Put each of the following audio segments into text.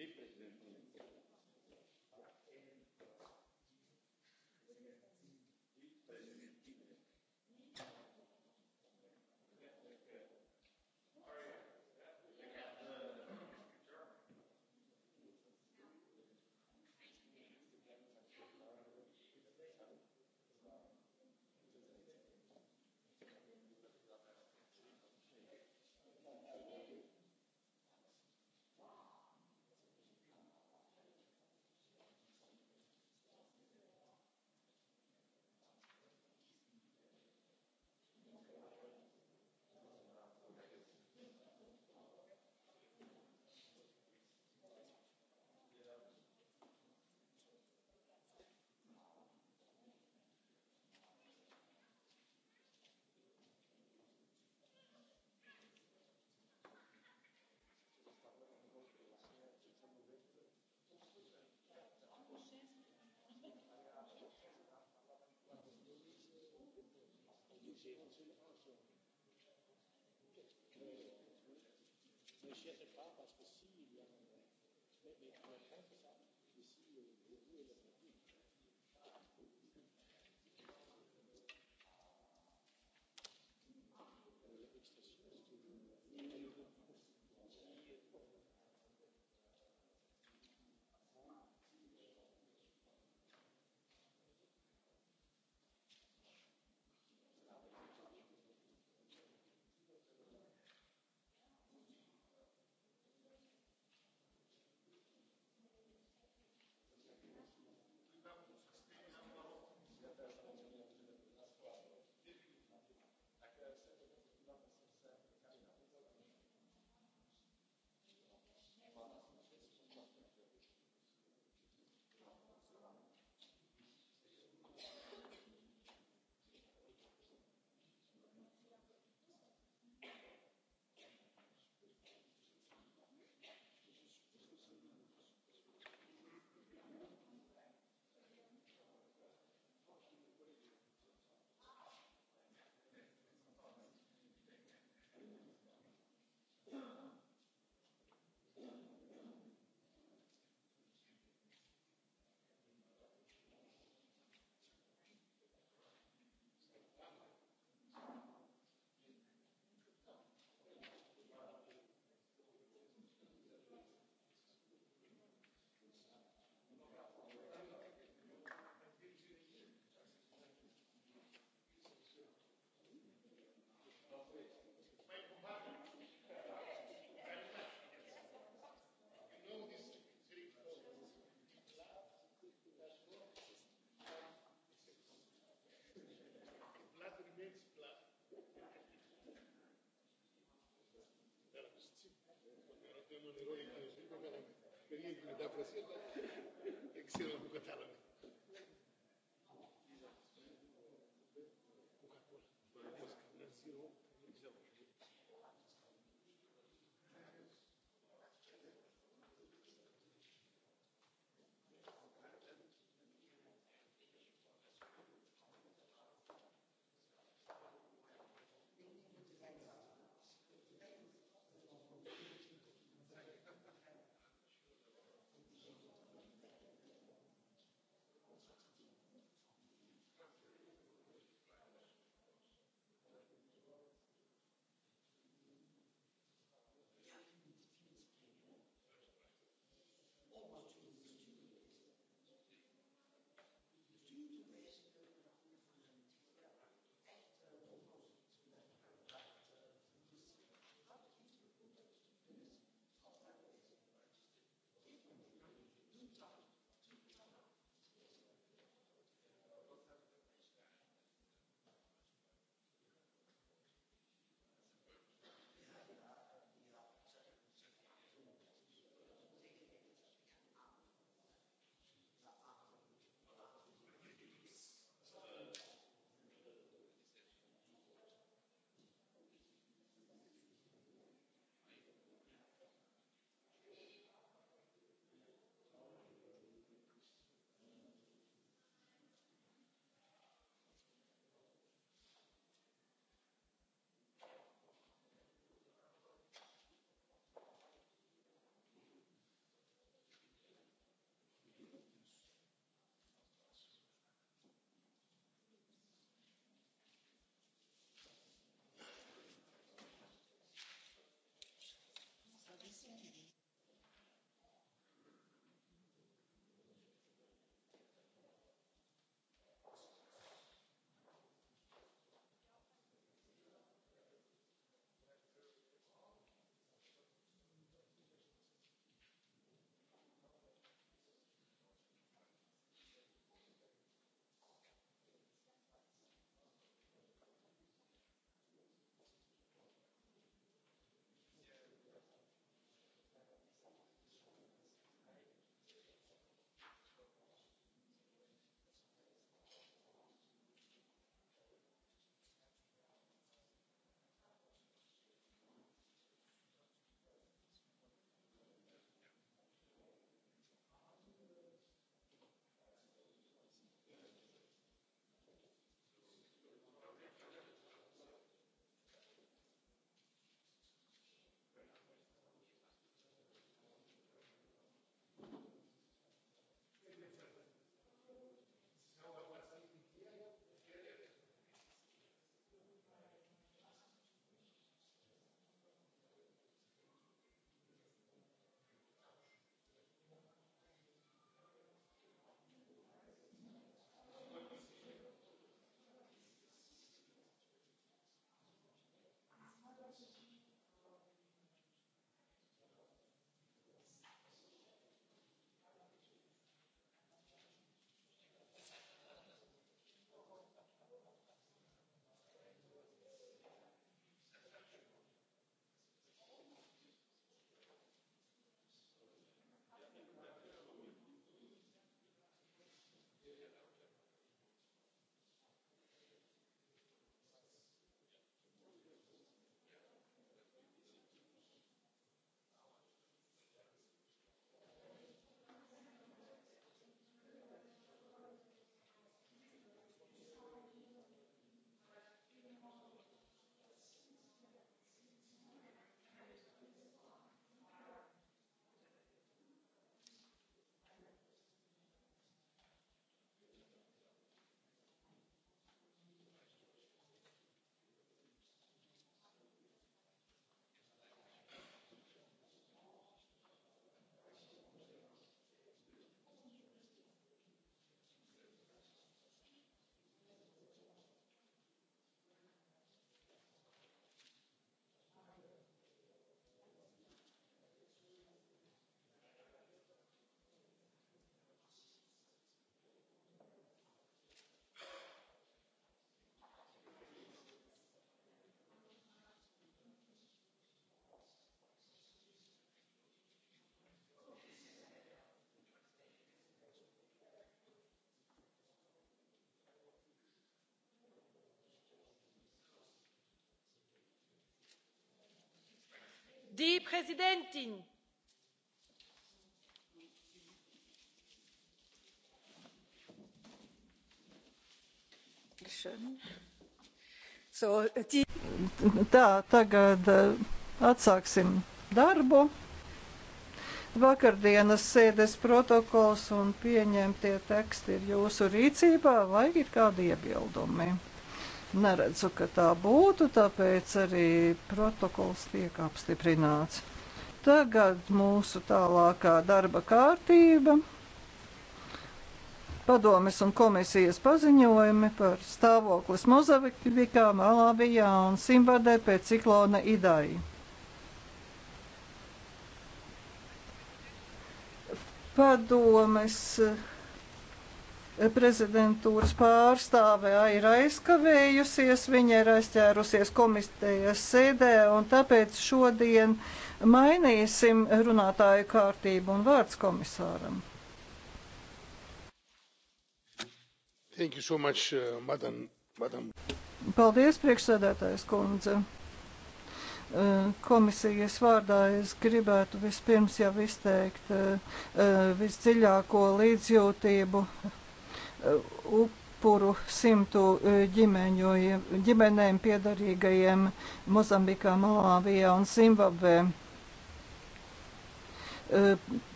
de presidente Mais je ne sais pas parce que s'il y a. Mais, mais, mais, Perjed, da prasirna, jek sirna bu katalog. die präsidentin! Tā, tagad eh, atsāksim darbu. Vakardienas sēdes protokols un pieņemtie teksti ir jūsu rīcībā, vai ir kādi iebildumi? neredzu, ka tā būtu, tāpēc arī protokols tiek apstiprināts. Tagad mūsu tālākā darba kārtība. Padomes un komisijas paziņojumi par stāvokli Mozavikā, Malābijā un Simbardē pēc ciklona Idai. Padomes prezidentūras pārstāve ir aizkavējusies, viņa ir aizķērusies komitejas sēdē, un tāpēc šodien mainīsim runātāju kārtību un vārds komisāram. Thank you so much, uh, madam, madam. Paldies, priekšsēdētājs kundze. Uh, komisijas vārdā es gribētu vispirms jau izteikt uh, uh, visdziļāko līdzjūtību upuru simtu e, ģimeņu, ģimenēm piedarīgajiem Mozambikā, Malāvijā un Zimbabvē. E,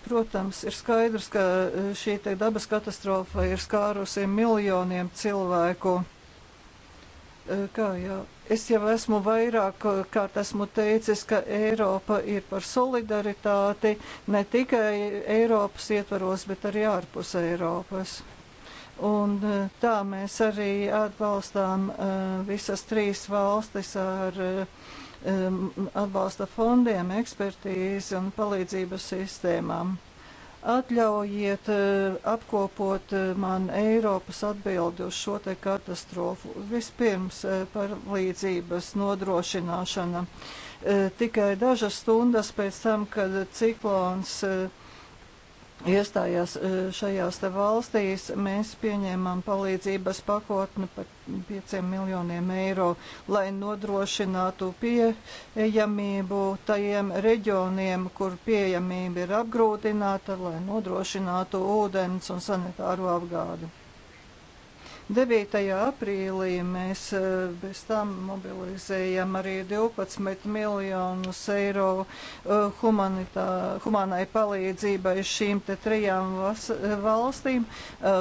protams, ir skaidrs, ka e, šī dabas katastrofa ir skārusi miljoniem cilvēku. Kā jau es jau esmu vairāk kārt esmu teicis, ka Eiropa ir par solidaritāti ne tikai Eiropas ietvaros, bet arī ārpus Eiropas. Un e, tā mēs arī atbalstām e, visas trīs valstis ar e, atbalsta fondiem, ekspertīzi un palīdzības sistēmām. Atļaujiet apkopot man Eiropas atbildi uz šo te katastrofu. Vispirms par līdzības nodrošināšana. Tikai dažas stundas pēc tam, kad ciklons uh, iestājās e, šajās te valstīs, mēs pieņēmām palīdzības pakotni par 5 miljoniem eiro, lai nodrošinātu pieejamību tajiem reģioniem, kur pieejamība ir apgrūtināta, lai nodrošinātu ūdens un sanitāro apgādi. 9. aprīlī mēs e, bez tam mobilizējam arī 12 miljonus eiro e, humanitā, humanai palīdzībai šīm te trijām vas, valstīm e,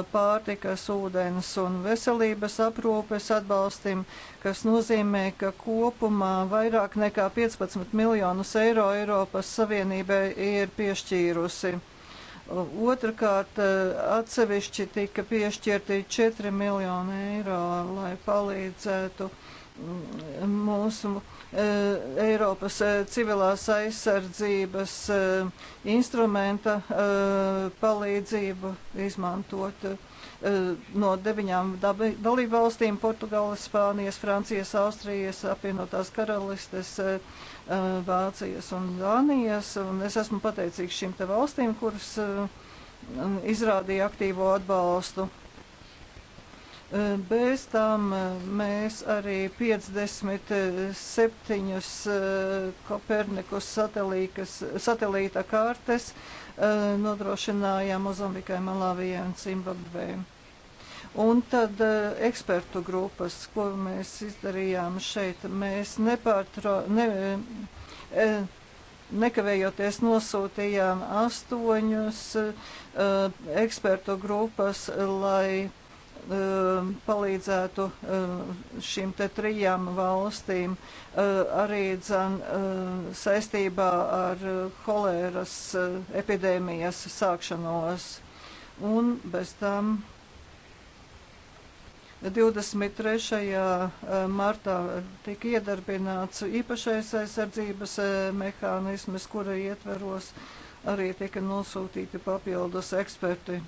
- pārtikas, ūdens un veselības aprūpes atbalstim, kas nozīmē, ka kopumā vairāk nekā 15 miljonus eiro Eiropas Savienībai ir piešķīrusi. Otrakārt, eh, atsevišķi tika piešķirti 4 miljoni eiro, lai palīdzētu mm, mūsu Eh, Eiropas eh, civilās aizsardzības eh, instrumenta palīdzību izmantot no deviņām dalībvalstīm - Portugāles, Spānijas, Francijas, Austrijas, apvienotās karalistes, Vācijas un Dānijas. Un es esmu pateicīgs šīm te valstīm, kuras izrādīja aktīvo atbalstu. Bez tam e, mēs arī 57 e, Kopernikus satelīta kārtas e, nodrošinājām Mozambikai, Malavijai un Zimbabvei. Un tad uh, ekspertu grupas, ko mēs izdarījām šeit, mēs nepārtro, ne, nekavējoties nosūtījām astoņus uh, ekspertu grupas, lai Um, palīdzētu um, šīm te trijām valstīm uh, arī dzen, uh, saistībā ar uh, holēras epidēmijas sākšanos. Un bez tam 23. martā tika iedarbināts īpašais aizsardzības mehānisms, kura ietveros arī tika nosūtīti papildus eksperti.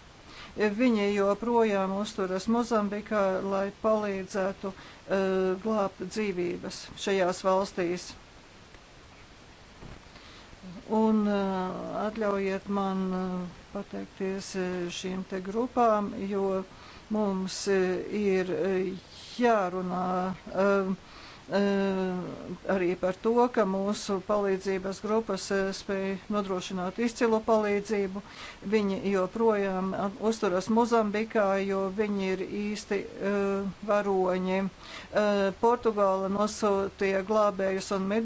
Viņi joprojām uzturas Mozambikā, lai palīdzētu eh, glābt dzīvības šajās valstīs. Un eh, atļaujiet man eh, pateikties šīm te grupām, jo mums ir jārunā Eh, arī par to, ka mūsu palīdzības grupas eh, spēja nodrošināt izcilu palīdzību. Viņi joprojām uzturas Mozambikā, jo viņi ir īsti eh, varoņi. Portugāla nosūtīja glābējus un medus.